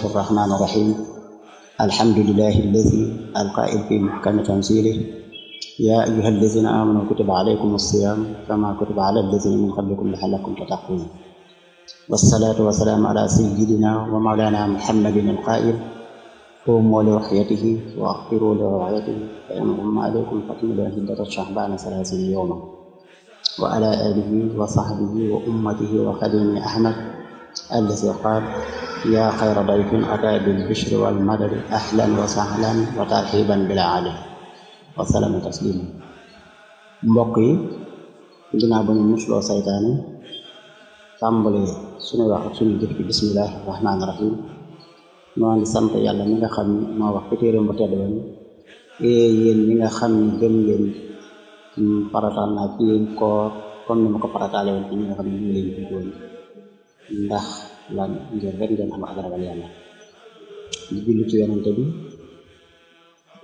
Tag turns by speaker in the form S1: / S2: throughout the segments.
S1: الله الرحمن الرحيم الحمد لله الذي القائل في محكم تنزيله يا أيها الذين آمنوا كتب عليكم الصيام كما كتب على الذين من قبلكم لعلكم تتقون والصلاة والسلام على سيدنا ومولانا محمد القائل قوموا لوحيته وأغفروا لرعيته فإن غم عليكم فاكملوا عدة شعبان ثلاثين يوما وعلى آله وصحبه وأمته وخديم أحمد الذي قال yaa xayra dayfin ataa bil bishri wal madadi ahlan wa sahlan wa tarxiban bila aali wa salaamu taslima mbokk yi ginnaaw ba ñu musloo saytaane tàmbale suñuy wax ak suñuy jëf bismillahi rahmaani rahim noo ngi sant yàlla mi nga xam ni moo wax ci téeram bu tedd ba ni eh, nga xam ni gëm ngeen mm, farataal naa ci yéen koor comme ni ma ko farataale woon nga xam ne ñu ndax lan ngeen rek ngeen am ak ragal yàlla di julli ci bi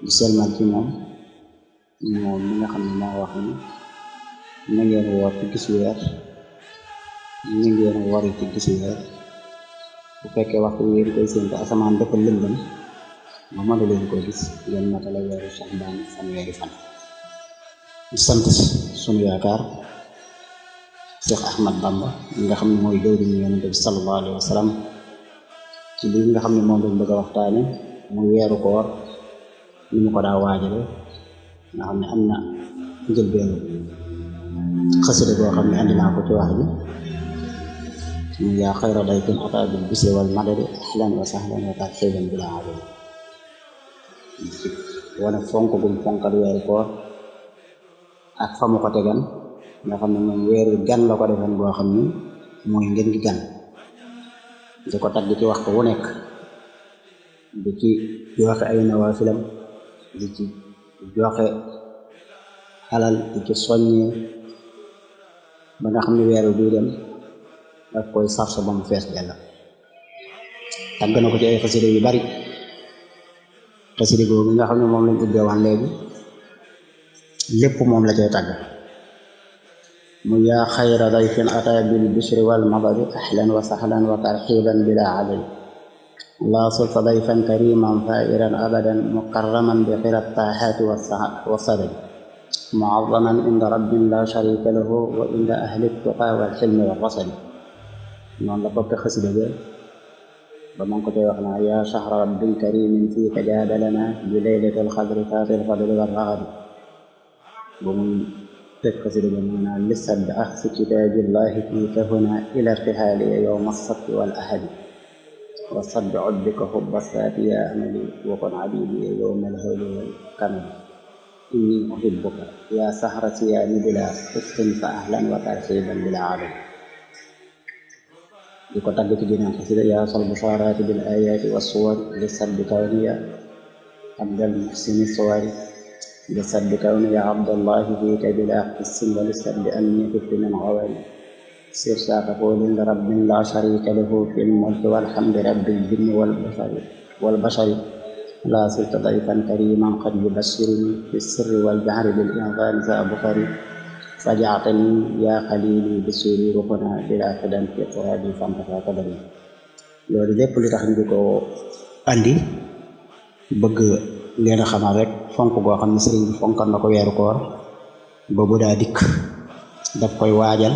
S1: di selmal ci moom moom mi nga xam ne moo wax ni na ngeen woor ci gis weer ni ngeen wori ci gis weer bu fekkee waxtu bi ngeen koy séntu asamaan dafa lëndëm ma mënu leen koy gis ngeen matale weeru Sha'baan fanweeri fan sant sunu yaakaar Cheikh Ahmad Bamba mi nga xam ne mooy jëwriñu yonent bi sallallahu alayhi ci lii nga xam ne moom lañ bëgg a waxtaane muy weeru koor ni mu ko daa waajale nga xam ne am na njëlbeen xasida boo xam ne andi naa ko ci mu yaa xayra dayfin ataa bil busri wal madadi ahlan wa sahlan wa tarhiban bilaa adadi wane fonk gum fonkal weeru koor ak fa ko tegan nga xam ne moom weeru gan la ko defoon boo xam ne mooy ngeen di gan di ko tagg ci waxtu wu nekk di ci joxe ay nawaafilam ci joxe alal di ci soññee ba nga xam ne weeru bii dem daf koy sarse ba mu fees dell tagg na ko yu bari xasida googu nga xam ne moom lañ ubbee waan léegi lépp moom la cay tàgg mu yaa xayra dayfin ataa bil bishri wal madadi ahlan wa sahlan wa tarxiban bila adad laa sulta dayfan kariman fairan abadan mukarraman bi xirat taaxaati wa sadad muazzaman inda rabbin la sharika lahu wa inda ahli tuqa wal xilmi wal rasadi noonu la bokk xasida ga ba man ko tey wax naa yaa shahra rabbil karimin fii ka jaadalana bi laylatil qadri taatil fadli wal raxadi تتخذ اليمنى لسد أخذ كتاب الله فيك هنا إلى ارتهالي يوم السبت والأحد وصد عبدك حب السات يا أملي وكن عبيدي يوم الهول والكمل إني أحبك يا سهرتي يا نبلا حسن فأهلا وترحيبا بلا عدد di ko tagg ci ginnaaw xasida yaa sol busaaraati bil ayaati wa suwar li sabbi kawniya abdal muhsini suwari بسبب كوني يا عبد الله فيك بلا قس ولسبب أني كنت من عوالي سير فقول لرب لا شريك له في الملك والحمد رب الجن والبشر والبشر لا صرت ضيفا كريما قد يبشرني في السر والجهر بالإنظار ذا بخاري فجعتني يا خليلي بسرور هنا بلا قدم في ترابي فانتفع قدمي loolu lépp li tax ñu di ko andi bëgg leen a xamal rek fonk goo xam ne sëriñ bi fonkal na ko weeru koor ba bu daa dikk daf koy waajal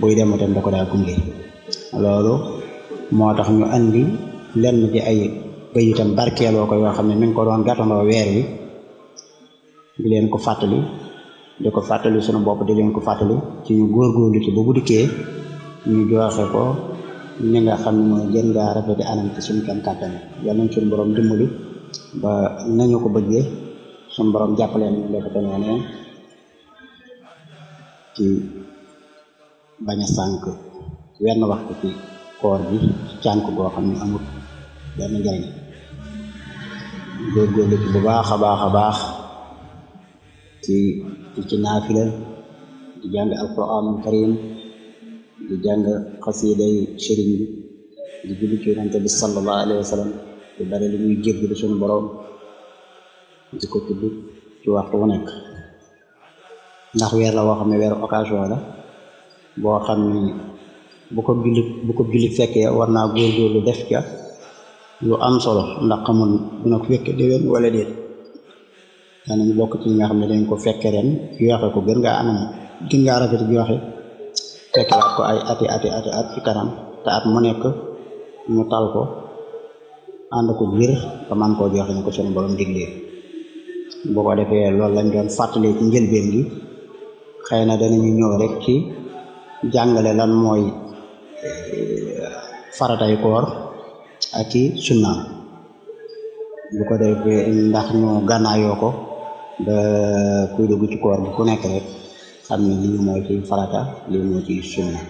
S1: buy dem itam da ko daa gunge loolu moo tax ñu andi lenn ci ay bayitam barkeeloo ko yoo xam ne mi ngi ko doon gàttandoo weer wi di leen ko fàttali di ko fàttali sunu bopp di leen ko fàttali ci ñu góorgóorlu ci ba bu dikkee ñu joxe ko ni nga xam ne mooy gën ngaa rafete anam ci suñu kenn kàttan yàlla nañ suñu borom dimbali ba nañu ko bëggee suñu borom jàppaleen ñu def ko noonee ci bañ a sànk wenn waxtu ci koor bi ci cànk goo xam ne amul benn njariñ góorgóorlu bu baax a baax a baax ci ci ci naafila di jàng alquranul karim di jàng xasiiday sëriñ bi di julli ci yonante bi sallallahu alayhi wa di ko tudd ndax weer la woo xam ne weeru occasion la boo xam ni bu ko jullit bu ko jullit fekkee war naa góorgóorlu def ca lu am solo ndax xamul dina ko fekke déwén wala déet bokk ñi nga xam ne dañ ko fekke ren joxe ko gën ngaa anam gën ngaa rafet joxe fekkewaat ko ay ati ati at ci mu nekk mu tal ko ànd ko biir te man koo joxe ñu ko seen borom diglee boo ko defee loolu lañ doon fàttali ci njëlbeen gi xëy na danañu ñëw rek ci jàngale lan mooy eh, faratay koor ak i sunnaam bu ko defee ndax ñu gànnaayoo ko ba kuy dugg ci koor bi ku nekk rek xam ne lii mooy ci farata lii mooy ci sunna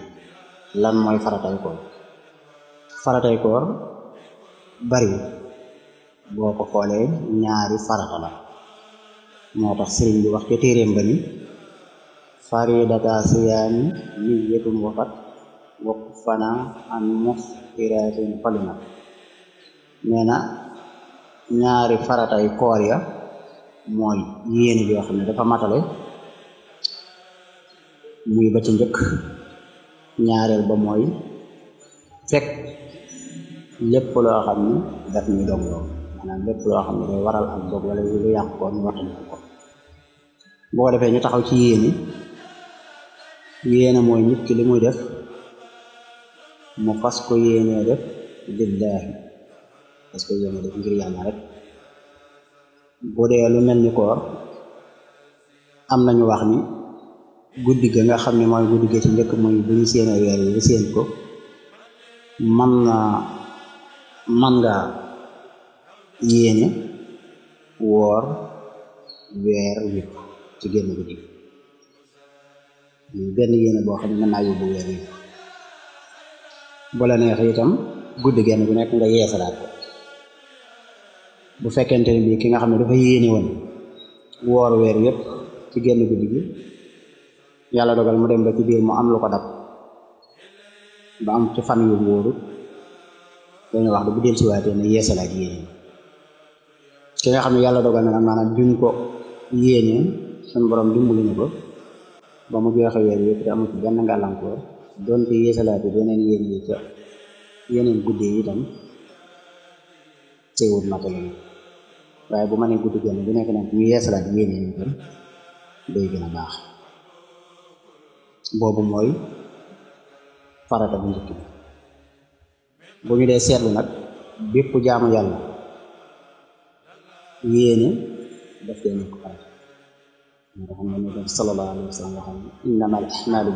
S1: lan mooy faratay koor faratay koor bari boo ko xoolee ñaari farata la moo tax sëriñ bi wax ca téeréem ba ni faridata siyaami niyyatun wafat waq fana an muftiratin falina nee na ñaari faratay koor ya mooy yéene bi xam ne dafa matale muy ba ci njëkk ñaareel ba mooy fekk lépp loo xam ne daf ñuy dog loolu maanaam lépp loo xam ne day waral ak dog wala lu koon ñu ko bu ko defee ñu taxaw ci yéene yéene mooy nit ki li muy def mu fas ko yéenee def lillaahi fas ko yéenee def ngir yàlla rek bu dee lu mel ni koor am nañu wax ni guddi ga nga xam ne mooy guddi ga ci njëkk mooy bu ñu séenee weer yi seen ko man na man nga yéene woor weer yëpp ci génn guddi muy benn yéene boo xam ne mën naa yóbbu weer yi bu la neexee itam guddi genn bu nekk nga yeesalaat ko bu fekkente ne bii ki nga xam ne dafa yéene woon woor weer yépp ci génn guddi gi yàlla dogal mu dem ba ci biir mu am lu ko dab ba am ci fan yu wóoru dañu wax ne bu dellusiwaatee ne yeesalaat yéene ki nga xam ne yàlla dogal na nag maanaam duñ ko yéene suñu borom dimbali ñu ko ba mu joxe weer yëpp te amu ci benn ngàllankoor donte yeesalaat bi beneen yéen yi ca yeneen guddi yi itam teewul matale na waaye bu ma nee guddi gën bu nekk nag ñu yeesalaat yéen yi itam day gën a baax boobu mooy farata bu njëkk bi bu ñu dee seetlu nag bépp jaamu yàlla yéene daf dee nekk farata nga xam ne ne innama al a'maalu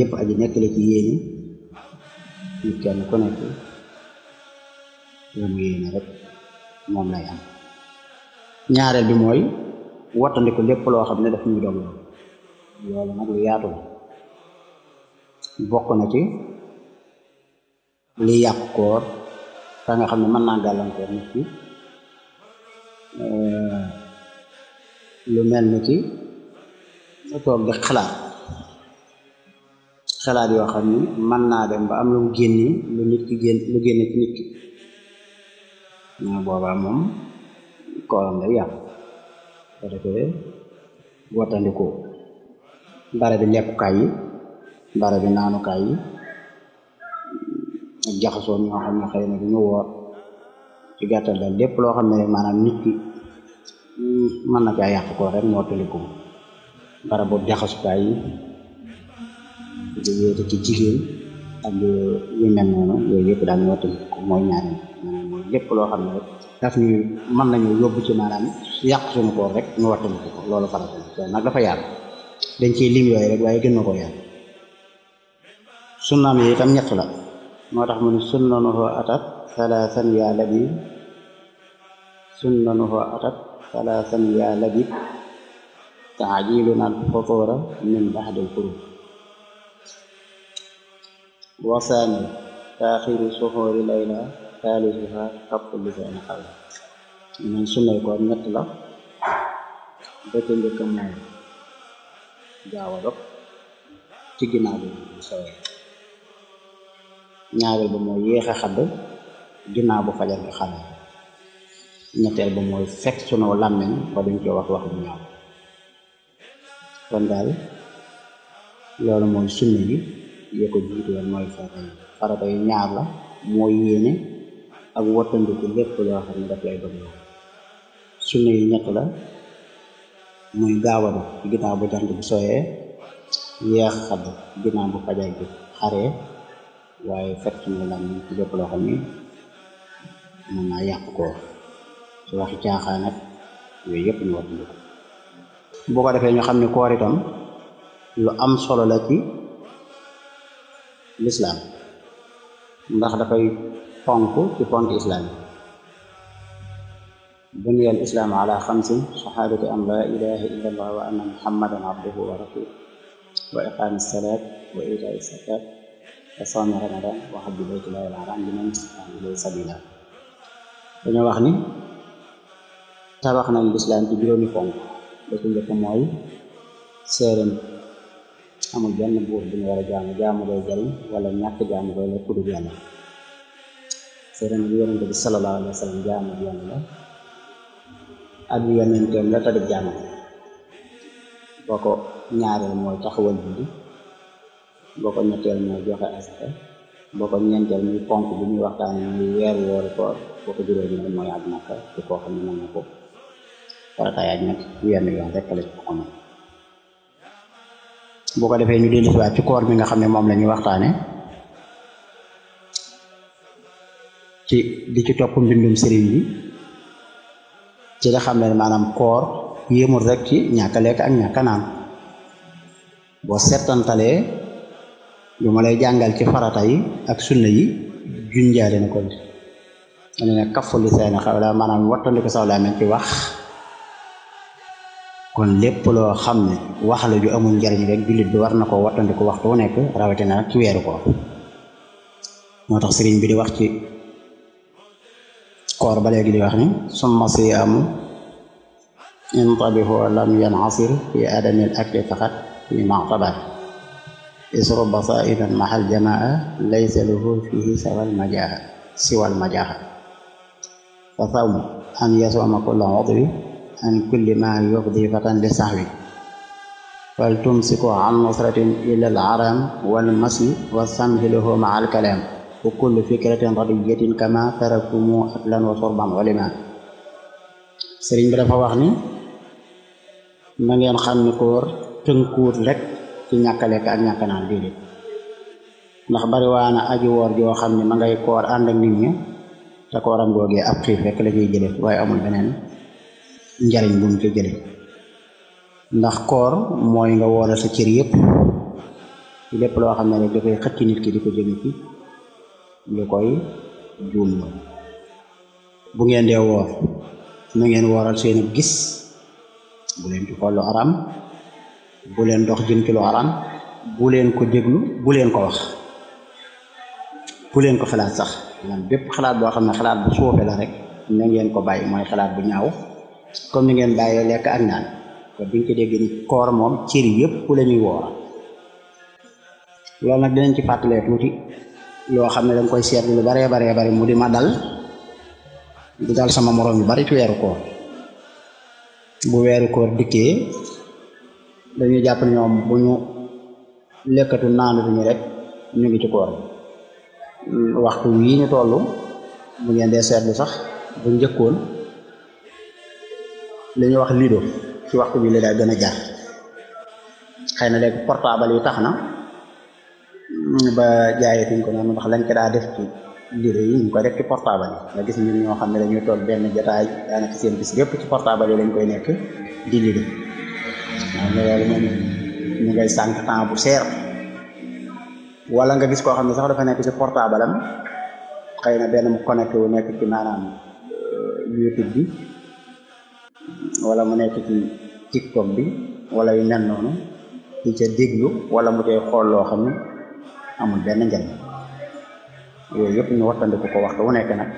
S1: nekk la ci yéene ñu rek moom lay am ñaareel bi mooy wattandiku lépp loo xam ne daf ñuy doom loolu nag lu yaatu bokk na ci li yàq koor ka nga xam ne mën naa gàllankoor nit Euh, lu mel ni ki toog di xalaat xalaat yoo xam ni mën naa dem ba am lu génne lu nit ki génn lu génne ci nit ki ñaa boobaa moom kooram day yàqu soo defee wattandikoo barabi lekkukaay yi barabi naanukaay yi jaxasoo ñoo xam ne xëy na du ñu woor ci gàttal daal lépp loo xam ne rek maanaam nit mën na caa yàq ko rek moo tëliku barabu jaxasukaay yi di wéete ci jigéen ak mel noonu yooyu yëpp daal moo lépp loo xam ne rek mën nañu yóbbu ci yàq suñu koor rek ñu wattandiku ko loolu farata loolu dafa yaatu dañ ciy lim yooyu rek waaye sunnaam yi itam ñett la moo tax mu ne sunna nu atat thalathan ya labib sunnanuhu atat thalathan ya labib taajiluna alfutura min ba'di alxurub wasaani taaxiru suxoori layla taalisuha xabtu lisaani xaw man sunnay koor ñett la bëcc njëkk mooy gaaw ci ginnaaw bi sawee ba mooy yéex a ginnaaw bu fajar gi xale ñetteel ba mooy fekk sunoo làmmiñ ba duñ ci wax wax bu ñaaw kon daal loolu mooy sunna yi yee ko jiitu woon mooy farata yi farata ñaar la mooy yéene ak wattandiku lépp loo xam ne daf lay doon lool sunna yi ñett la muy gaawadu ginnaaw bu jant bi sooyee yeex xadd ginnaaw bu fajar gi xaree waaye fekk sunoo làmmiñ lépp loo xam ne mën naa yàq koor ci waxi caaxaan ak yooyu ñu wattu ko boo ko defee ñu xam ne koor itam lu am solo la ci lislaam ndax dafay ponk ci ponk islaam buniya al islaam ala xamsin shahaadati an laa ilaha illa allah wa anna muhammadan abduhu dañoo wax ni tabax nañ lislaam ci juróomi ponk ba ci njëkk mooy seereen amul benn buur bu ñu war a jaamu jaamu day jariñ wala ñàkk jaamu day la kudu yàlla seereen bi yonente bi sallallahu alayhi wa sallam jaamu boo ko ñaareel mooy taxawal julli boo ko ñetteel mooy joxe asaka boo ko ñeenteel muy ponk bi ñuy waxtaan muy weer woori koor boo ko juróom koo xam ne mën na ko farataay aj nag wenn yoon rek la boo ko defee ñu dellusiwaat ci koor mi nga xam ne moom la ñuy waxtaane ci di ci topp mbindum sëriñ bi ci la xam ne maanaam koor yéemul rekk ci ñàkk lekk ak ñàkk naan boo settantalee lu ma lay jàngal ci farata yi ak sunna yi junjaale na ko mu ne kafu lisaani xawla maanaam wattandiku saw làmmiñ ci wax kon lépp loo xam ne wax la ju amul njariñ rek jullit bi war na ko wattandiku waxtu wu nekk rawatina nag ci weeru koor moo tax sëriñ bi di wax ci koor ba léegi di wax ni summa siyaamu intabihu lam yanasir fi adamil akli faqat fi ma'tabar isru basaidan mahal jamaa laysa lahu sawal majaaha siwal majaaha وفوم أن يصوم كل عضو عن كل ما يفضي فتى للسهو فلتمسك عن نصرة إلى العرام والمسي واستمهله مع الكلام وكل فكرة ردية كما تركتم أكلا وشربا علما sëriñ bi dafa wax ni na ngeen xam ni koor tënkuut rek ci ñàkk a lekk ak ñàkk naan déedéet ndax bariwaana aji woor joo xam ne ma ngay koor ànd ak nit te kooram googee ab xiif rek la ciy jële waaye amul beneen njariñ bu mu jële ndax koor mooy nga woola sa cër yëpp lépp loo xam na rek da xëcc nit ki di ko jëme ci lu koy juum bu ngeen dee ngeen wooral seeni gis bu leen dox jëm leen ko déglu bu leen ko wax bu leen ko xalaat sax maanaam bépp xalaat boo xam ne xalaat bu suufe la rek na ngeen ko bàyyi mooy xalaat bu ñaaw comme ni ngeen bàyyee lekk ak naan te biñ ko dégg ni koor moom cër yëpp la ñuy woora loolu nag ci fàttalee tuuti loo xam ne danga koy seetlu baree baree bari mu di ma dal di dal sama moroom yu bari weeru koor bu weeru koor dikkee dañuy jàpp ñoom bu ñu lekkatu naanatuñu rek ñu ngi ci koor waxtu yi ñu toll mu ngeen dee seetlu sax bu njëkkoon li ñuy wax lido ci waxtu bii la daa gën a jar xëy na léegi portable yi tax na ba jaayetuñ ko noonu ndax lañ ko daa def ci lido yi ñu ko def ci portable yi nga gis ñoo xam ne dañuy toog benn jotaay daanaka seen bis yépp koy nekk di lido waaw ñu ngay sànq temps bu seer wala nga gis koo xam ne sax dafa nekk ci portable am xëy na benn mu connecté wu nekk ci maanaam euh, YouTube bi wala mu nekk ci TikTok bi wala yu mel noonu di ca déglu wala mu koy xool loo xam ne amul benn njariñ yooyu yëpp ñu wattandiku ko waxtu wu nekk nag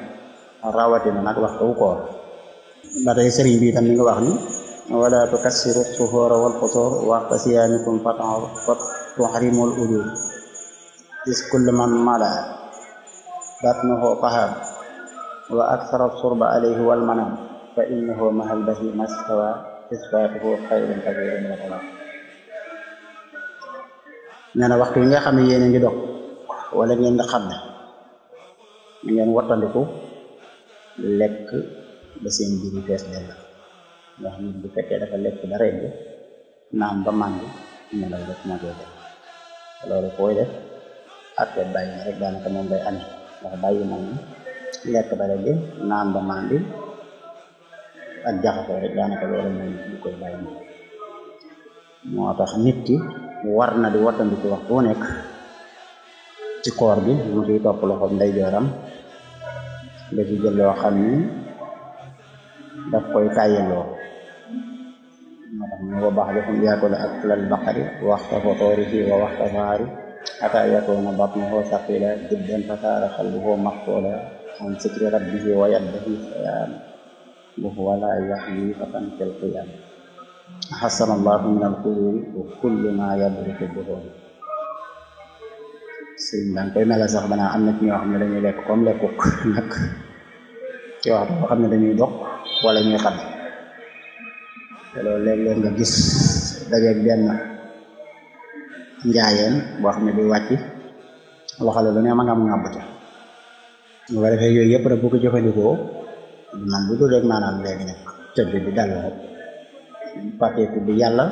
S1: rawatina nag waxtu wu koor ba tey sëriñ bi itam mi nga wax ni wala tukassiru suhoora wal qusuur waxta siyaamikum fa tuhrimul ujur is kullu man malaa batnahu tahab wa akthara surba alayhi wal manam fa innahu mahal bahima stawa isbaatuhu xayrun kabiirun wa talab nee na waxtu yi nga xam ne yéen a ngi dog wala ngeen di xam ngeen wattandiku lekk ba seen biir fees dell ndax nit bu fekkee dafa lekk ba rend naan ba màndi nelaw rek moo koy def loolu koy def atte bàyyi rek daanaka moom day andi ndax bàyyi moom lekk ba rek naan ba mandi ak jaxasoo rek daanaka loolu moom du koy bàyyi moo tax nit ki war na di wattandiku waxtu wu nekk ci koor bi mu ciy topp loxoom ndeyjooram da ci jël loo xam ni daf koy tàyyeloo moo tax mu ne wa ba'du hum yaakulu aklal baqari waxta futuurihi wa waxta sahaari حتى يكون بطنه ثقيلا جدا فصار قلبه مثقولا عن ذكر ربه koy mel sax danaa am na ci lekk comme lekkuk nag ci waxtu dañuy dox wala ñuy xat loolu léeg-léeg nga gis dajeeg benn njaayeen boo xam ne buy wàcc waxale lu ne ma nga am ngàbb ca bu ko yooyu yëpp rek bu ko jëfandikoo man bu dul rek maanaam léegi nag tëdd bi dal rek fàtteeku bi yàlla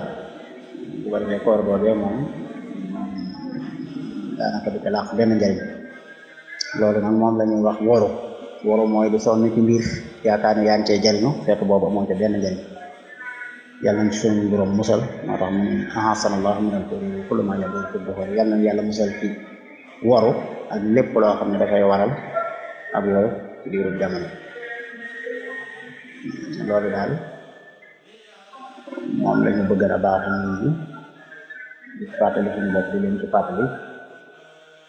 S1: bu ko defee koor boobee moom daanaka du ko làq benn njariñ loolu nag moom la ñuy wax woru woru mooy di sonn ci mbir yaakaar ne yaa cee jariñu fekk boobu amoo ca benn njariñ yàlla nañ suñu borom musal moo tax mu ahasanallahu minal kururi kullu ma yàlla nañ yàlla musal ci waru ak lépp loo xam ne dafay waral ak loolu ci diiru jamono loolu daal moom la bëgg a baaxee nit ñi di fàttali suñu bopp di leen ci fàttali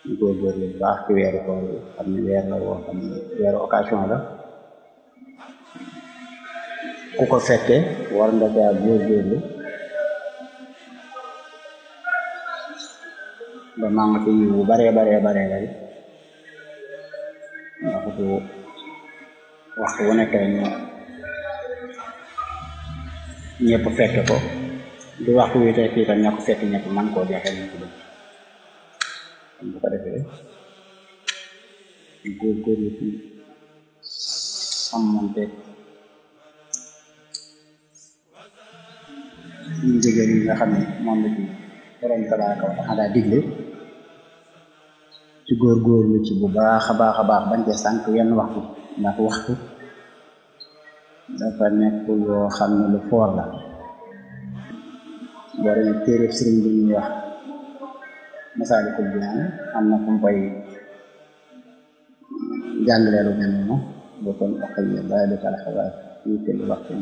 S1: ñu baax ci weeru koor xam ne weer la woo xam ne weeru occasion la. ku ko fekke war nga caa góorgóorlu ba manqué yiw bu baree baree baree bari ndax waxtu wu nekk ñu ñëpp fekke ko du waxtu wi tey fii tam ña ko man koo joxe ñu ci dëkk bu ko defee góorgóorlu ci sàmmante ñun jigéen ñi nga xam ne moom la ñu borom tabaaraka wa taala digle ci góorgóorlu ci bu baax a baax a baax bañ cee sànq yenn waxtu ndax waxtu dafa nekk yoo xam ne lu foor la boo demee téere sëriñ bi ñuy wax Masaalikul Jinaan am na fu mu koy jàngale lu mel noonu boo kon aqil daay lu kala xabaar fii kulli waxtin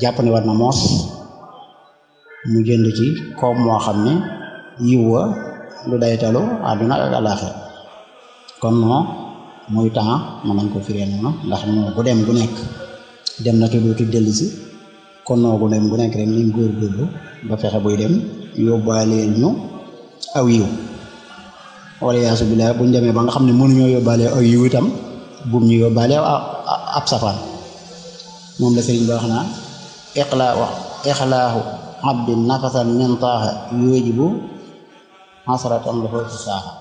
S1: jàpp ne war na moos mu jënd ci koom moo xam ne yiw wa lu daytalu àdduna ak àllaaxira kon non muy temps mën nañ ko firee dem dem na te dootu kon noo gu dem gu nekk ren ba fexe buy dem yóbbaale ñu aw yiw buñ demee ba nga xam ne mënuñoo yóbbaale aw yiw itam buum moom la sëriñ bi wax iqlaahu ixlaahu abdin nafasan min taaha yujibu hasratan lahu fi saaha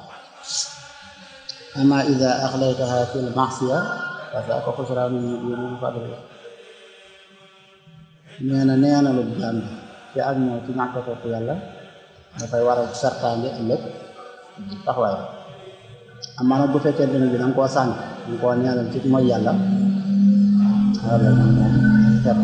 S1: ama ida axlaytaha fi lmaxsiya fa saaka xusraanu yumin fadlu nee na neena lu jàmm ci ak ñëw ci ñàkk topp yàlla dafay waral sartaange ëllëg taxawaay am na bu fekkee dina bi danga koo sànq danga koo neenal ci mooy yàlla kat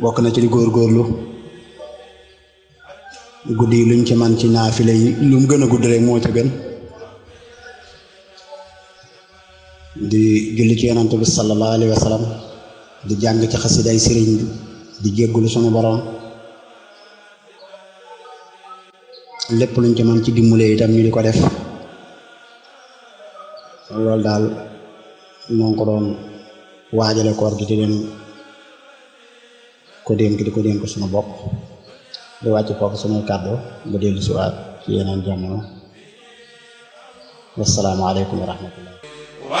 S1: bokk na ci di góorgóorlu guddi luñ ci man ci naafila yi lu mu gën a gudd rek moo ca gën di julli ci yonante bi sallallahu alayhi wa di jàng ci xasiday sëriñ bi di jéggulu suñu borom lépp luñ ci mën ci dimbale itam ñu di ko def loolu daal moo ngi ko doon waajale koor gi di leen ko dénk di ko dénk bopp di wàcc foofu sunuy kàddu ba dellu si waat ci yeneen jamono wassalaamu aleykum wa